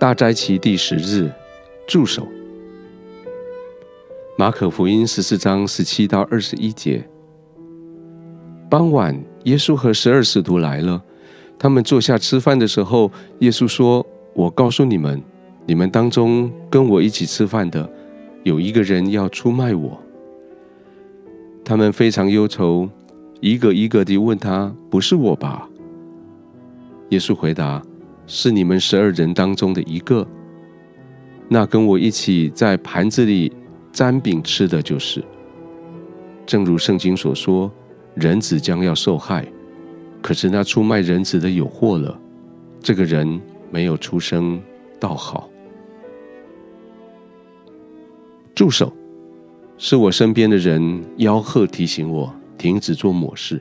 大齋期第十日，住手。馬可福音十四章十七到二十一節。傍晚，耶穌和十二使徒來了，他們坐下吃飯的時候，耶穌說：“我告訴你們，你們當中跟我一起吃飯的，有一個人要出賣我。”他們非常憂愁，一個一個地問他：“不是我吧？”耶穌回答。是你們十二人當中的一個。那跟我一起在盤子裡蘸餅吃的就是。正如聖經所說，人子將要受害，可是那出賣人子的有禍了。這個人沒有出生，倒好。住手！是我身邊的人吆喝提醒我停止做某事。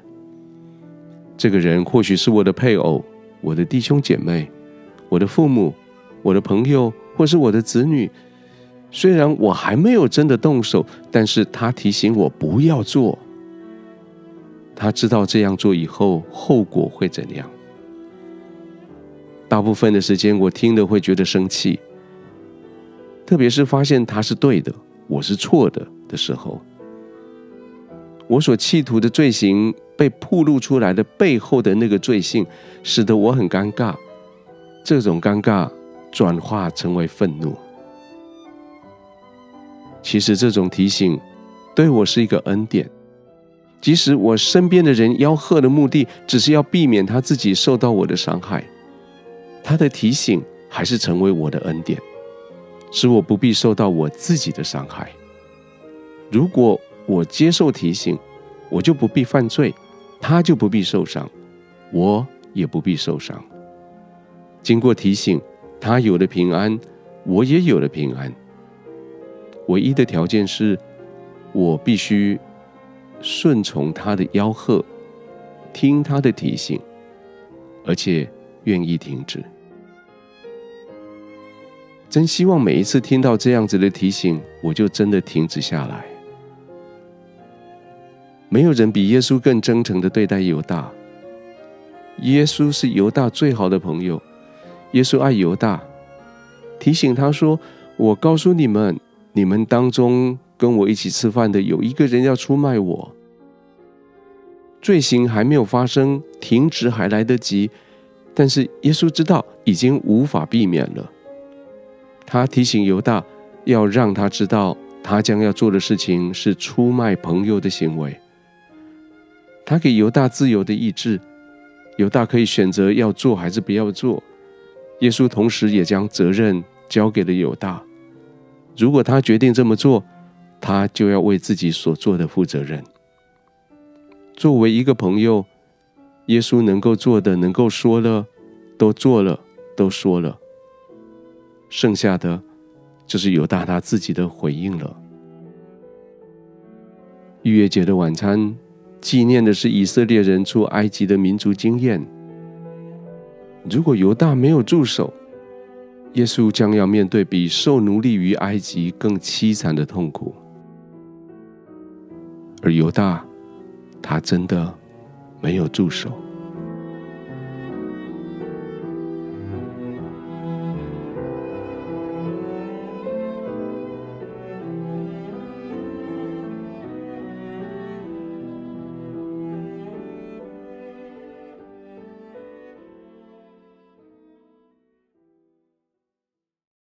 這個人或許是我的配偶，我的弟兄姐妹。我的父母、我的朋友或是我的子女，雖然我還沒有真的動手，但是他提醒我不要做。他知道這樣做以後後果會怎樣。大部分的時間我聽了會覺得生氣，特別是發現他是對的，我是錯的的時候，我所企圖的罪行被暴露出來的背後的那個罪性，使得我很尷尬。這種尷尬轉化成為憤怒。其實這種提醒對我是一個恩典，即使我身邊的人吆喝的目的只是要避免他自己受到我的傷害，他的提醒還是成為我的恩典，使我不必受到我自己的傷害。如果我接受提醒，我就不必犯罪，他就不必受傷，我也不必受傷。經過提醒，他有了平安，我也有了平安。唯一的條件是，我必須順從他的吆喝，聽他的提醒，而且願意停止。真希望每一次聽到這樣子的提醒，我就真的停止下來。沒有人比耶穌更真誠的對待猶大。耶穌是猶大最好的朋友。耶穌愛猶大，提醒他說：“我告訴你們，你們當中跟我一起吃飯的有一個人要出賣我。」罪行還沒有發生，停止還來得及。但是耶穌知道已經無法避免了。他提醒猶大，要讓他知道他將要做的事情是出賣朋友的行為。他給猶大自由的意志，猶大可以選擇要做還是不要做。耶穌同時也將責任交給了猶大，如果他決定這麼做，他就要為自己所做的負責任。作為一個朋友，耶穌能夠做的、能夠說的，都做了、都說了，剩下的就是猶大他自己的回應了。逾越節的晚餐，紀念的是以色列人出埃及的民族經驗。如果猶大沒有住手，耶穌將要面對比受奴隸於埃及更淒慘的痛苦。而猶大，他真的沒有住手。